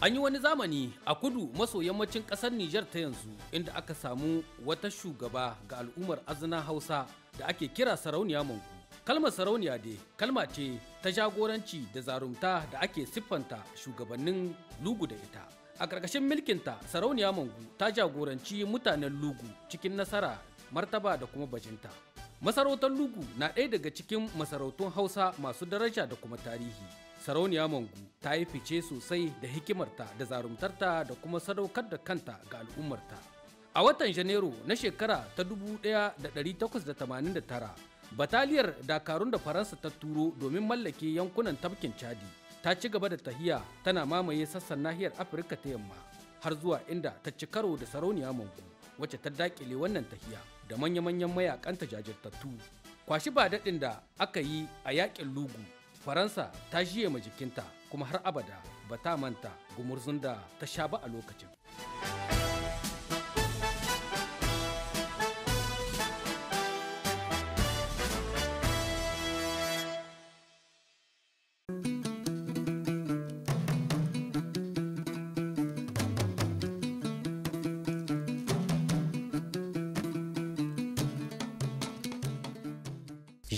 An yi wani zamani a kudu maso yammacin ƙasar Nijar ta yanzu inda aka samu wata shugaba ga al'ummar azina Hausa da ake kira sarauniya mangu. Kalmar sarauniya dai kalma ce ta jagoranci da zarumta da ake siffanta shugabannin lugu da ita. A ƙarƙashin milkinta sarauniya mangu ta jagoranci mutanen lugu cikin nasara martaba da kuma bajinta. Masarautar Lugu na ɗaya daga cikin masarautun Hausa masu daraja da kuma tarihi. Sarauniya Mangu ta yi fice sosai da hikimarta da zarumtarta da kuma sadaukar da kanta ga al'ummarta. A watan Janairu na shekara ta 1889, bataliyar dakarun da Faransa ta turo domin mallake yankunan tafkin Chadi ta ci gaba da tahiya tana mamaye sassan nahiyar Afirka ta yamma har zuwa inda ta ci karo da Sarauniya Mangu wacce ta daƙile wannan tahiya. da manya-manyan mayakanta jajirtattu kwashi ba daɗin da aka yi a yaƙin lugu faransa ta jiye ma jikinta kuma har abada ba ta manta gumurzun da ta sha ba a lokacin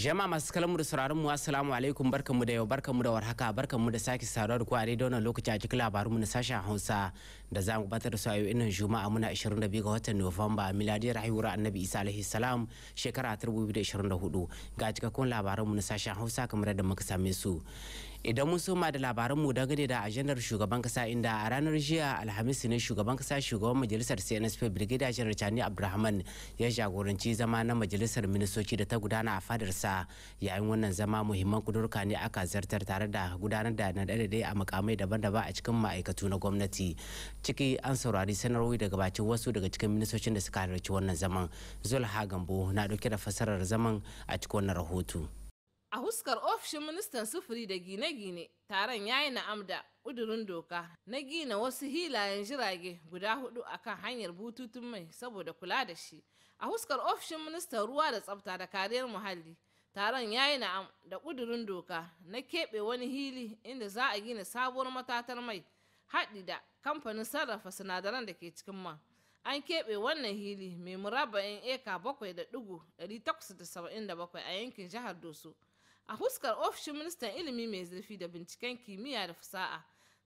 Jama'a masu kalamu da sauraron mu assalamu alaikum barkamu da yau barkamu da warhaka barkamu da sake saduwa da ku a daidai lokaci a cikin labarun mu na sashen Hausa da za mu batar su a yau inan juma'a muna 22 ga watan nuwamba miladiyar haihuwar annabi isa alaihi salam shekara 2024 ga cikakkun labaran mu na sashen hausa kamar da muka same su idan mun soma da labaran dangane da ajandar shugaban kasa inda a ranar jiya alhamis ne shugaban kasa shugaban majalisar cnsp brigadier general chani abdulrahman ya jagoranci zama na majalisar ministoci da ta gudana a fadar sa yayin wannan zama muhimman kudurka ne aka zartar tare da gudanar da nadadade a makamai daban-daban a cikin ma'aikatu na gwamnati ciki an saurari sanarwar daga bakin wasu daga cikin ministocin da suka halarci wannan zaman zulha hagambo na dauke da fasarar zaman a cikin wannan rahoto a huskar ofishin ministan sufuri da gine-gine taron yayi na'am da kudurin doka na gina wasu hilayen jirage guda hudu akan hanyar bututun mai saboda kula da shi a huskar ofishin ministan ruwa da tsafta da kariyar muhalli taron yayi yi na'am da ƙudurin doka na keɓe wani hili inda za a gina sabuwar matatar mai haɗi da kamfanin sarrafa sinadaran da ke cikin man an keɓe wannan hili mai murabba'in eka 7,877 a yankin jihar doso a huskar ofishin ministan ilimi mai zurfi da binciken kimiyya da fasa'a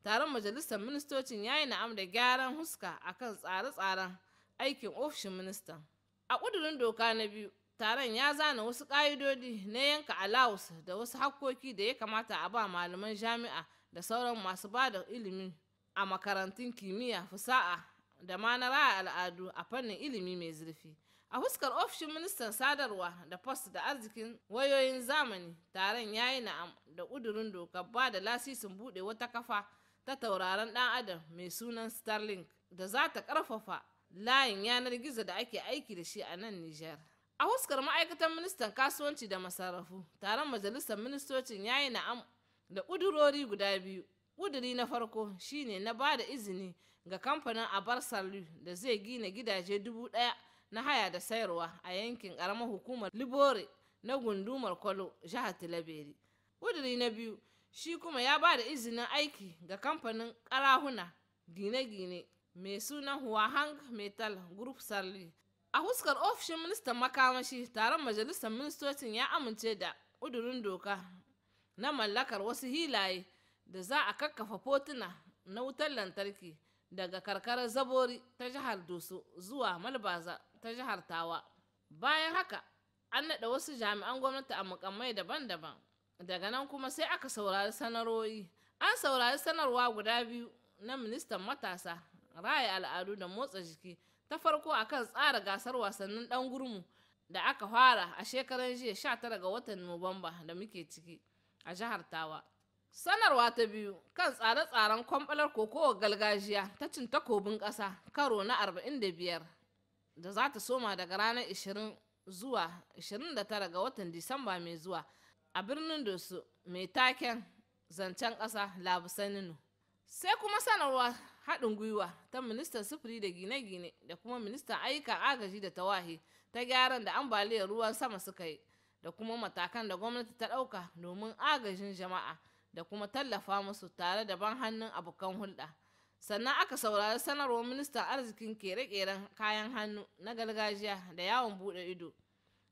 taron majalisar ministocin ya yi na'am da gyaran huska akan tsare-tsaren aikin ofishin ministan a ƙudurin doka na biyu taron ya zana wasu ƙa'idodi na yanka alawus da wasu hakkoki da ya kamata a ba malaman jami'a da sauran masu ba da ilimin a makarantun kimiyya fasaha da ma na raya al'adu a fannin ilimi mai zurfi a fuskar ofishin ministan sadarwa da post da arzikin wayoyin zamani taron yayi yi na'am da ƙudurin doka ba da lasisin buɗe wata kafa ta tauraron ɗan adam mai sunan starlink da za ta ƙarfafa layin yanar gizo da ake aiki da shi a nan nijar a fuskar ma'aikatan ministan kasuwanci da masarrafu taron majalisar ministocin ya yi na'am da ƙudurori guda biyu ƙuduri na farko shine na ba da izini ga kamfanin abar salu da zai gina gidaje dubu ɗaya na haya da sayarwa a yankin ƙaramar hukumar libore na gundumar kwalo jihar tilaberi ƙuduri na biyu shi kuma ya ba da izinin aiki ga kamfanin ƙarahuna gine-gine mai sunan huahang metal group sarli a huskar ofishin ministan makamashi taron majalisar ministocin ya amince da ƙudurin doka na mallakar wasu hilaye da za a kakkafa fotuna na wutar lantarki daga karkarar zabori ta jihar doso zuwa malbaza ta jihar tawa bayan haka an naɗa wasu jami'an gwamnati a mukammai daban-daban daga nan kuma sai aka saurari sanarori an saurari sanarwa guda biyu na ministan matasa raya al'adu da motsa jiki ta farko akan tsara gasar wasannin dan gurmu da aka fara a shekarar jiya 19 ga watan nuwamba da muke ciki a jihar tawa Sanarwa ta biyu kan tsare-tsaren kwamɓalar kokowa galgajiya ta cin takobin ƙasa karo na 45 da za ta soma daga ranar 20 zuwa 29 ga watan Disamba mai zuwa a birnin Doso mai taken zancen ƙasa Labusaninu. Sai kuma sanarwa haɗin gwiwa ta ministan sufuri da gine-gine da kuma ministan ayyukan agaji da tawahi ta gyaran da ambaliyar ruwan sama suka yi da kuma matakan da gwamnati ta ɗauka domin agajin jama'a. da kuma tallafa musu tare da ban hannun abokan hulɗa sannan aka saurari sanarwar ministan arzikin kere-keren kayan hannu na gargajiya da yawon buɗe ido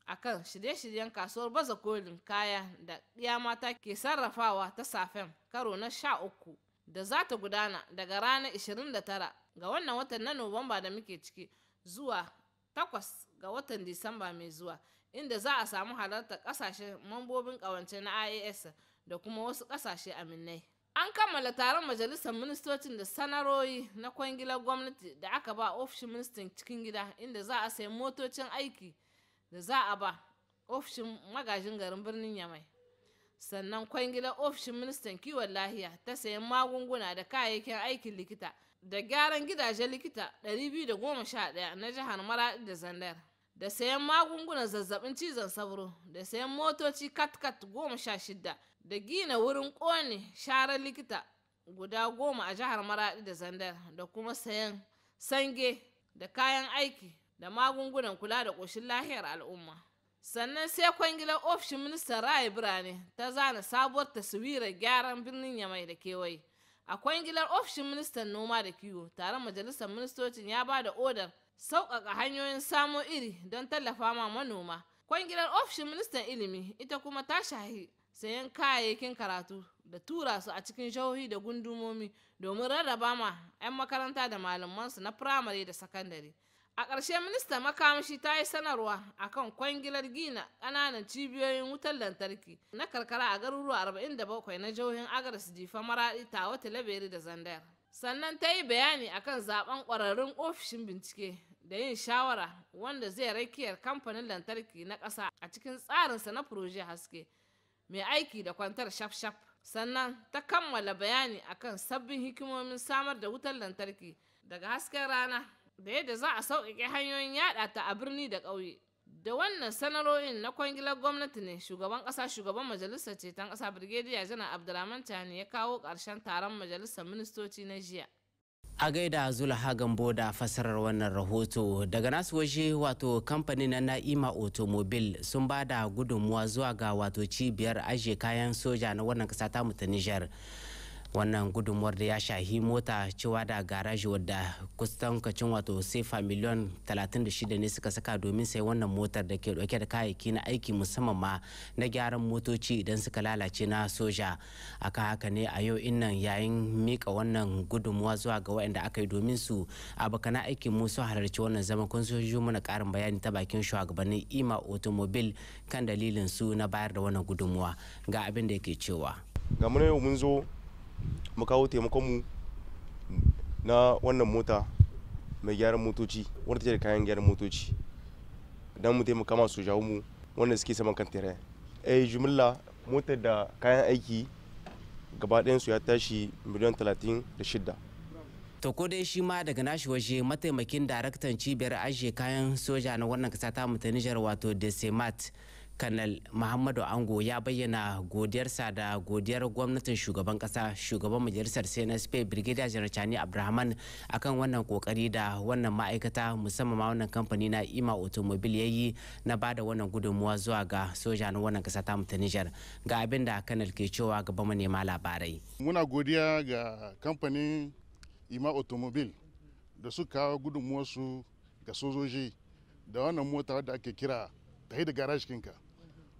a kan shirye-shiryen kasuwar baza kolin kaya da ɗiya mata ke sarrafawa ta safen karo na sha uku da za ta gudana daga ranar 29 ga wannan watan na nuwamba da muke ciki zuwa 8 ga watan disamba mai zuwa inda za a samu halartar kasashen mambobin ƙawance na ias da kuma wasu ƙasashe aminai. An kammala taron majalisar ministocin da sanaroyi na kwangilar gwamnati da aka ba ofishin ministan cikin gida inda za a sayi motocin aiki da za a ba ofishin magajin garin birnin Yamai. Sannan kwangilar ofishin ministan kiwon lahiya ta sayan magunguna da kayayyakin aikin likita da gyaran gidajen likita 211 na jihar maradi da Zandar. Da sayan magungunan zazzabin cizon sauro da sayan motoci katkat goma sha shida. da gina wurin ƙone sharar likita guda goma a jihar maradi da zandar da kuma sayan sange da kayan aiki da magungunan kula da ƙoshin lahiyar al'umma sannan sai kwangilar ofishin ministan raya birane ta zana sabuwar taswirar gyaran birnin yamai da kewaye a kwangilar ofishin ministan noma da kiwo tare majalisar ministocin ya ba da odar sauƙaƙa hanyoyin samo iri don tallafa ma manoma kwangilar ofishin ministan ilimi ita kuma ta shahi sayan kayayyakin karatu da tura su a cikin jihohi da gundumomi domin rarraba ma 'yan makaranta da malamansu na firamare da sakandare a ƙarshe minista makamashi ta yi sanarwa akan kwangilar gina ƙananan cibiyoyin wutar lantarki na karkara a garuruwa 47 na jihohin agaris jifa maraɗi tawa talabere da zandar sannan ta yi bayani akan zaben ƙwararrun ofishin bincike da yin shawara wanda zai rakiyar kamfanin lantarki na ƙasa a cikin tsarinsa na haske. mai aiki da kwantar shafshaf sannan ta kammala bayani a kan sabbin hikimomin samar da wutar lantarki daga hasken rana da yadda za a sauƙaƙe hanyoyin yaɗa ta a birni da ƙauye da wannan sanarorin na kwangilar gwamnati ne shugaban ƙasa shugaban majalisar ceton ƙasa birgediya janar abdulrahman tani ya kawo ƙarshen taron majalisar ministoci na jiya a gaida zula hagan boda fasarar wannan rahoto daga nasu waje wato kamfanin na na'ima otomobil sun ba da gudunmuwa zuwa ga wato cibiyar ajiye kayan soja na wannan kasa ta Nijar. wannan gudunmuwar da ya shahi mota cewa da garaji wadda kusan kacin wato sefa miliyon 36 ne suka saka domin sai wannan motar da ke dauke da kayayyaki na aiki musamman ma na gyaran motoci idan suka lalace na soja aka haka ne a yau innan yayin mika wannan gudunmuwa zuwa ga waɗanda aka yi domin su abokana aikin mu sun halarci wannan zaman kun sojoji mana karin bayani ta bakin shugabannin ima automobile kan dalilin su na bayar da wannan gudunmuwa ga abin da yake cewa ga mun zo mu kawo taimakon mu na wannan mota mai gyaran motoci wanda take da kayan gyaran motoci don mu taimaka masu jawo mu wanda suke saman kan tere eh jumla motar da kayan aiki gaba su ya tashi miliyan talatin da shida to ko dai shi ma daga nashi waje mataimakin daraktan cibiyar ajiye kayan soja na wannan kasa ta mu nijar wato desemat kanal muhammadu ango ya bayyana godiyarsa da godiyar gwamnatin shugaban kasa shugaban majalisar cnsp brigadier general chani abrahaman akan wannan kokari da wannan ma'aikata musamman ma wannan kamfani na ima automobile ya yi na ba da wannan gudunmuwa zuwa ga soja na wannan kasa ta mutu nijar ga abin da kanal ke cewa gaba manema labarai muna godiya ga kamfanin ima automobile da suka kawo gudunmuwarsu ga sojoji da wannan mota da ake kira tahi da garaj kinka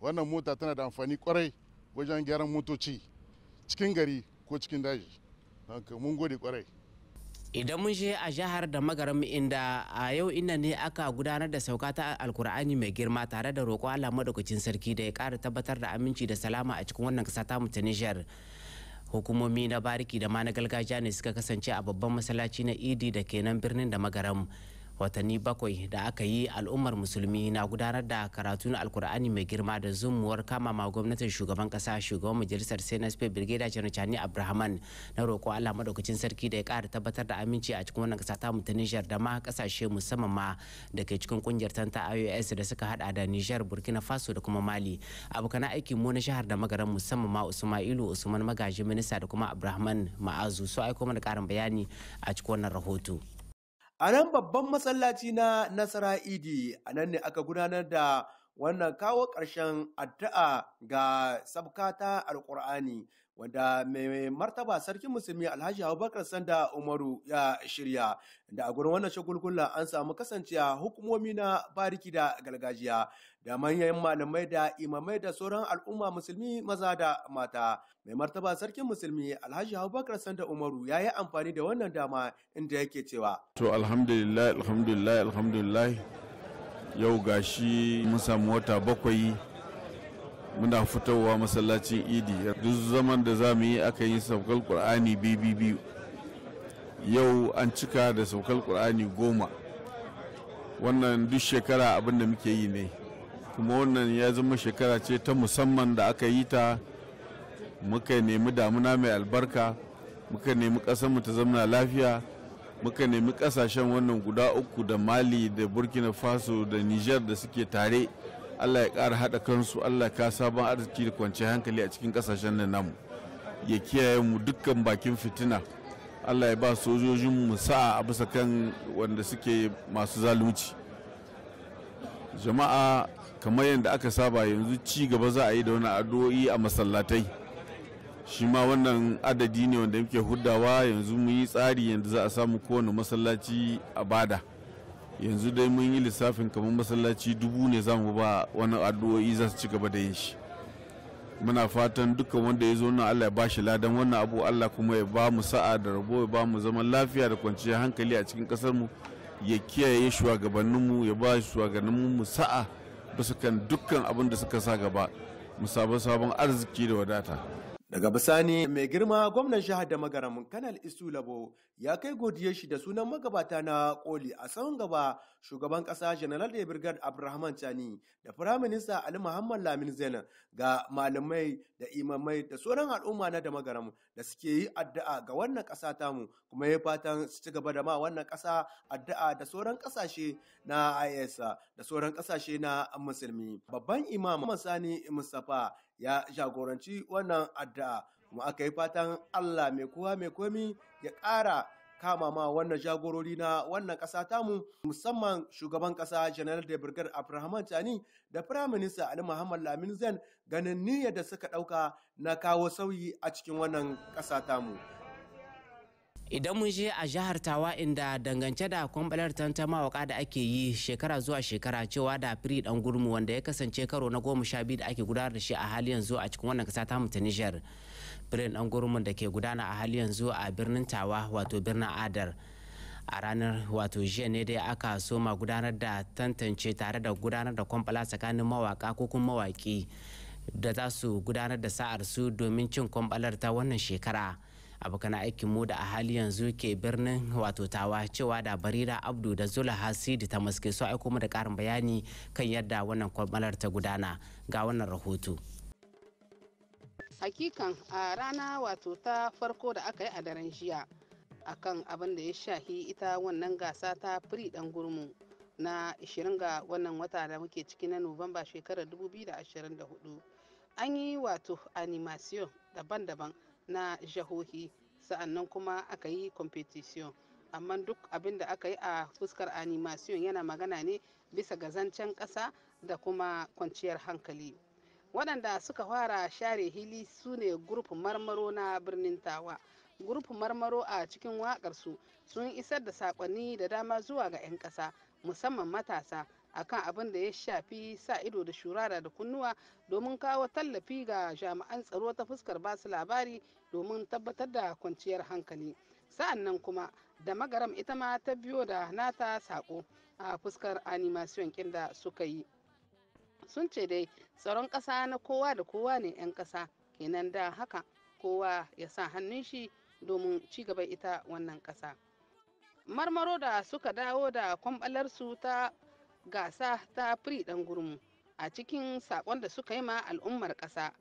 wannan mota tana da amfani kwarai wajen gyaran motoci cikin gari ko cikin daji mun gode kwarai idan mun je a jihar da magaram inda a yau ina ne aka gudanar da sauka ta alkur'ani mai girma tare da roƙo Allah madaukakin sarki da ya ƙara tabbatar da aminci da salama a cikin wannan ƙasa ta mu ta hukumomi na bariki da ma na gargajiya ne suka kasance a babban masallaci na idi da kenan birnin da magaram watanni bakwai da aka yi al'ummar musulmi na gudanar da karatu na alkur'ani mai girma da zumuwar kama ma gwamnatin shugaban kasa shugaban majalisar senate brigadier general chani abrahaman na roƙo allah madaukacin sarki da ya ƙara tabbatar da aminci a cikin wannan kasa ta mu nijar da ma kasashe musamman ma da ke cikin kungiyar tanta ios da suka hada da nijar burkina faso da kuma mali abokan aikin mu na shahar da magaran musamman ma usmailu usman magaji minista da kuma abrahaman ma'azu su aiko mana ƙarin bayani a cikin wannan rahoto. A nan babban masallaci na Nasara Idi, a nan ne aka gudanar da wannan kawo ƙarshen addu'a ga sabka ta alƙur'ani wanda mai martaba sarkin musulmi alhaji abubakar sanda umaru ya shirya da a gurin wannan shagulgula an samu kasancewa hukumomi na bariki da gargajiya da manyan malamai da imamai da sauran al'umma musulmi maza da mata. Mai martaba sarkin musulmi Alhaji Abubakar Sanda Umaru ya yi amfani da wannan dama inda yake cewa. To alhamdulillah alhamdulillah alhamdulillah yau gashi mun samu wata bakwai muna fitowa masallacin idi duk zaman da za mu yi aka yi saukar qur'ani biyu yau an cika da saukar qur'ani goma wannan duk shekara abin da muke yi ne kuma wannan ya zama shekara ce ta musamman da aka yi ta muka nemi damuna mai albarka muka nemi mu ta zamana lafiya muka nemi ƙasashen wannan guda uku da mali da burkina faso da niger da suke tare allah ya ƙara haɗa kansu allah ka sabon arziki da kwanciyar hankali a cikin ƙasashen nan namu ya kiyaye mu dukkan bakin fitina allah ya ba sojojin mu sa'a a bisa kan wanda suke masu zalunci jama'a kamar yadda aka saba yanzu ci gaba za a yi da wani addu'o'i a masallatai shi ma wannan adadi ne wanda muke huddawa yanzu mun yi tsari yadda za a samu kowane masallaci a bada yanzu dai mun yi lissafin kamar masallaci dubu ne za mu ba wani addu'o'i za su ci gaba da yin shi muna fatan dukkan wanda ya zo nan Allah ya bashi ladan wannan abu Allah kuma ya ba mu sa'a da rabo ya ba mu zaman lafiya da kwanciyar hankali a cikin kasar mu ya kiyaye shugabanninmu ya ba shi shugabanninmu sa'a bisa kan dukkan abin da suka sa gaba mu sabon arziki da wadata Daga bisani mai girma gwamnan jihar da magaramin kanal Isu Labo ya kai godiyar shi da sunan magabata na koli a tsawon gaba shugaban kasa janar da Brigade abrahaman Chani da Firaminista Ali Muhammad Lamin Zainab ga malamai da imamai da sauran al'umma na da magaramin da suke yi addu'a ga wannan kasa tamu kuma ya fatan su ci gaba da ma wannan kasa addu'a da sauran kasashe na IS da sauran kasashe na musulmi. Babban imam Sani Mustapha ya jagoranci wannan addu'a kuma aka yi fatan Allah mai kowa mai komi ya ƙara kama ma wannan jagorori na wannan ƙasa tamu musamman shugaban ƙasa janar da birgar abraham Tani da firaminista Ali Muhammad Lamin Zain ganin niyyar da suka ɗauka na kawo sauyi a cikin wannan ƙasa tamu. idan mun je a jihar tawa inda dangance da kwambalar tantama mawaka da ake yi shekara zuwa shekara cewa da firi dan gurmu wanda ya kasance karo na goma sha biyu da ake gudanar da shi a hali yanzu a cikin wannan kasa tamu ta nijar firin dan gurmu da ke gudana a hali yanzu a birnin tawa wato birnin adar a ranar wato jiya ne dai aka soma gudanar da tantance tare da gudanar da kwambala tsakanin mawaka ko kuma mawaki da za su gudanar da sa'ar su domin cin kwambalar ta wannan shekara abokan aikin mu da a hali yanzu ke birnin wato tawa cewa da barira abdu da zula hasidi ta maske su aiko mu da karin bayani kan yadda wannan kwamalar ta gudana ga wannan rahoto hakikan a rana wato ta farko da aka yi a daren jiya akan abin da ya shahi ita wannan gasa ta firi dan gurmu na 20 ga wannan wata da muke ciki na nuwamba shekarar 2024 an yi wato animasion daban-daban na jahohi sa'annan kuma aka yi competition amma duk abin da aka yi a fuskar animation yana magana ne bisa ga zancen ƙasa da kuma kwanciyar hankali waɗanda suka fara share hili su ne gurfin marmaro na birnin tawa gurfin marmaro a cikin waƙarsu sun isar da saƙonni da dama zuwa ga 'yan ƙasa musamman matasa akan abin da ya shafi sa ido da shurara da kunnuwa domin kawo tallafi ga jami'an tsaro ta fuskar basu labari domin tabbatar da kwanciyar hankali sa'annan kuma da magaram ita ma ta biyo da nata sako a fuskar animasiyon kin da suka yi sun ce dai tsaron kasa na kowa da kowa ne 'yan kasa kenan da haka kowa ya sa hannun shi domin ci gaba ita wannan kasa. marmaro da suka dawo da kwambalarsu ta gasa ta firi dan gurmu a cikin sakon da suka yi ma al'ummar ƙasa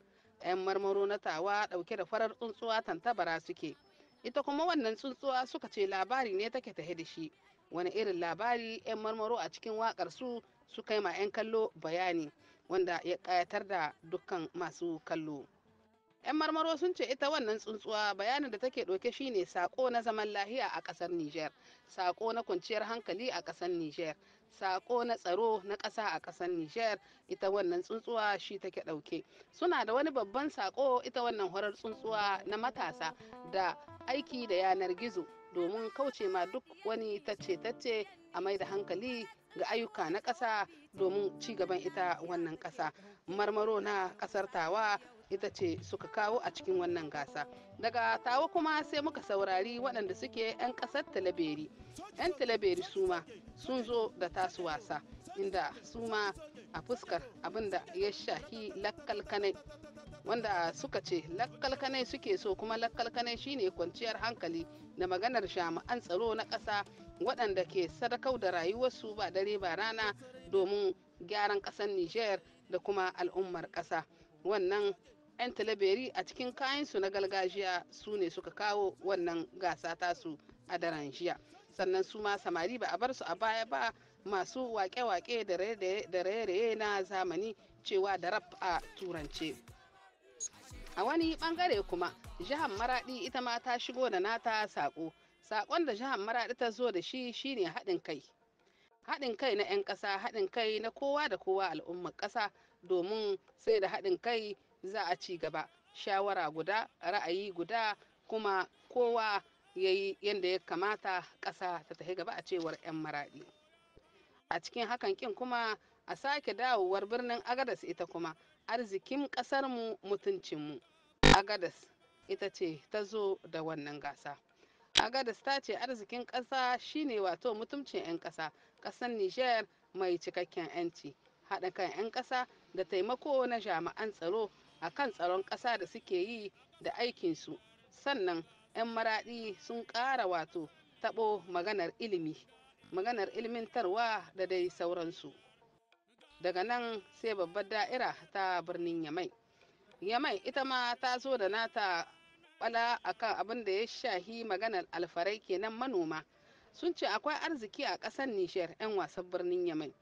'yan marmaro na tawa ɗauke da farar tsuntsuwa tantabara suke ita kuma wannan tsuntsuwa suka ce labari ne take ta da shi wani irin labari 'yan marmaro a cikin wakar su suka yi ma 'yan kallo bayani wanda ya kayatar da dukkan masu kallo. 'yan marmaro sun ce ita wannan tsuntsuwa bayanin da take ɗauke shine sako na zaman lahiya a ƙasar niger sako na kwanciyar hankali a ƙasar niger saƙo na tsaro na ƙasa a ƙasar niger ita wannan tsuntsuwa shi take ɗauke suna da wani babban saƙo ita wannan horar tsuntsuwa na matasa da aiki da yanar gizo domin kauce ma duk wani tacce-tacce a mai da hankali ga ayyuka na ƙasa domin ci gaban ita wannan ƙasa marmaro na ƙasar tawa ita ce suka kawo a cikin wannan gasa daga tawa kuma sai muka saurari waɗanda suke 'yan ƙasar talaberi 'yan talaberi suma sun zo da tasu wasa inda suma a fuskar abinda ya shahi lakalkanai wanda suka ce lakalkanai suke so kuma lakalkanai shine kwanciyar hankali da maganar jami'an tsaro na ƙasa waɗanda ke sadakau da rayuwarsu ba dare ba rana domin gyaran ƙasar niger da kuma al'ummar ƙasa wannan 'yan talaberi a cikin kayansu na gargajiya su ne suka kawo wannan gasa tasu a daren jiya sannan su ma samari ba a bar su a baya ba masu wake-wake da raye-raye na zamani cewa da rap a turance a wani bangare kuma jihar maradi ita ma ta shigo da nata sako sakon da jihar maradi ta zo da shi shine haɗin kai haɗin kai na 'yan ƙasa haɗin kai na kowa da kowa al'ummar ƙasa domin sai da haɗin kai za a ci gaba shawara guda ra'ayi guda kuma kowa ya yi yadda ya kamata ƙasa ta tafi gaba a cewar 'yan maraɗi a cikin hakan kin kuma a sake dawowar birnin agadas ita kuma arzikin ƙasarmu mutuncinmu agadas ita ce ta zo da wannan gasa agadas ta ce arzikin ƙasa shine wato mutuncin 'yan ƙasa ƙasar niger mai cikakken 'yanci haɗa kan 'yan ƙasa da taimako na jami'an tsaro a kan tsaron ƙasa da suke yi da aikinsu sannan 'yan maraɗi sun ƙara wato taɓo maganar ilimi maganar ilmintarwa da dai sauransu daga nan sai babbar da'ira ta birnin yamai yamai ita ma ta zo da nata a kan abin da ya shahi maganar alfarai kenan manoma sun ce akwai arziki a ƙasar nishiyar 'yan wasan birnin yamai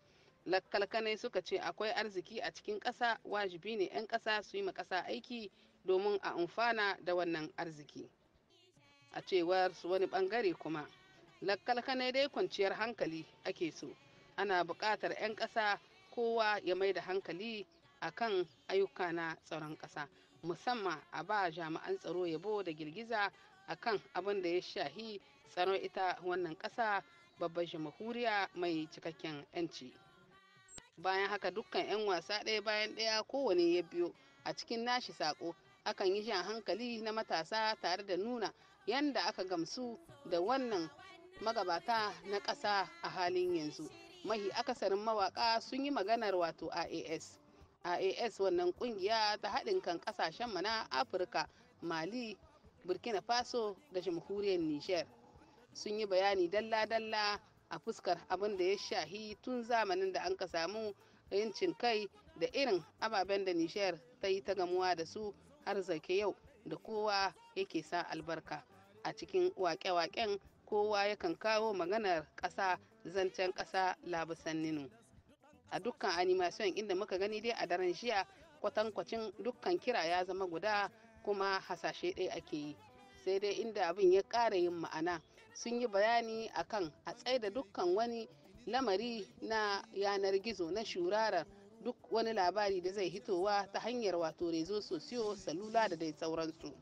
lakkalkanai suka ce akwai arziki a cikin ƙasa wajibi ne 'yan ƙasa su yi ma ƙasa aiki domin a amfana da wannan arziki a cewar su wani bangare kuma lakkalkanai dai kwanciyar hankali ake so ana buƙatar 'yan ƙasa kowa ya mai da hankali akan ayyuka na tsaron ƙasa musamman a ba jami'an tsaro yabo da girgiza akan abin da ya shahi tsaron ita wannan ƙasa babbar jamhuriya mai cikakken 'yanci. bayan haka dukkan 'yan wasa ɗaya bayan ɗaya kowane ya biyo a cikin nashi sako akan yi jan hankali na matasa tare da nuna yanda aka gamsu da wannan magabata na ƙasa a halin yanzu mahi akasarin mawaƙa sun yi maganar wato aas aas wannan kungiya ta haɗin kan ƙasashen mana afirka mali burkina faso da jamhuriyar niger sun yi bayani dalla-dalla a fuskar abin da ya shahi tun zamanin da an ka samu yancin kai da irin ababen da nishiyar ta yi ta gamuwa da su har zake yau da kowa yake sa albarka a cikin wake-waken kowa yakan kawo maganar ƙasa zancen ƙasa labusan a dukkan animation inda muka gani dai a daren jiya kwatankwacin dukkan kira ya zama guda kuma hasashe ɗaya ake yi sai dai inda abin ya ƙara yin ma'ana sun yi bayani akan a tsaida dukkan wani lamari na yanar gizo na shurarar duk wani labari da zai hitowa ta hanyar wato rezo sosiyo salula da dai sauransu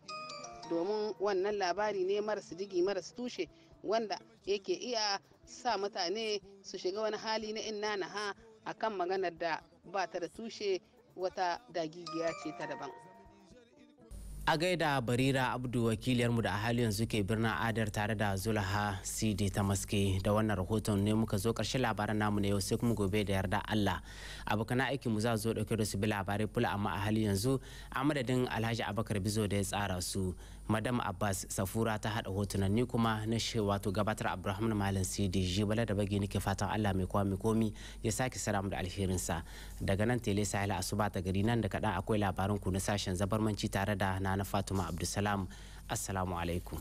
domin wannan labari ne maras digi maras tushe wanda yake iya sa mutane su shiga wani hali na inna na ha akan maganar da ba ta da tushe wata dagigiya ce ta daban. a gaida barira abdu wakiliyarmu da a hali yanzu ke birnin adar tare da zulaha cd ta maske da wannan rahoton ne muka zo karshe labaran namu na yau sai kuma gobe da yarda allah abokan aiki mu za zo dauke da su bi labarai fula amma a hali yanzu a madadin alhaji abakar bizo da ya tsara su madam abbas safura ta hada hotunan ni kuma na shi wato gabatar abdulrahman malam sidi jibala da bage nake fatan allah mai kwami mai komi ya sake salamu da alherinsa daga nan tele sahila asuba ta gari nan da kaɗan akwai labarin ku na sashen zabarmanci tare da nana fatima abdulsalam assalamu alaikum